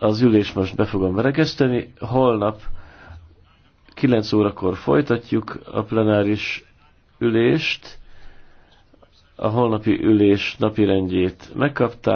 az ülés most be fogom veregeszteni. Holnap 9 órakor folytatjuk a plenáris ülést. A holnapi ülés napirendjét megkaptam.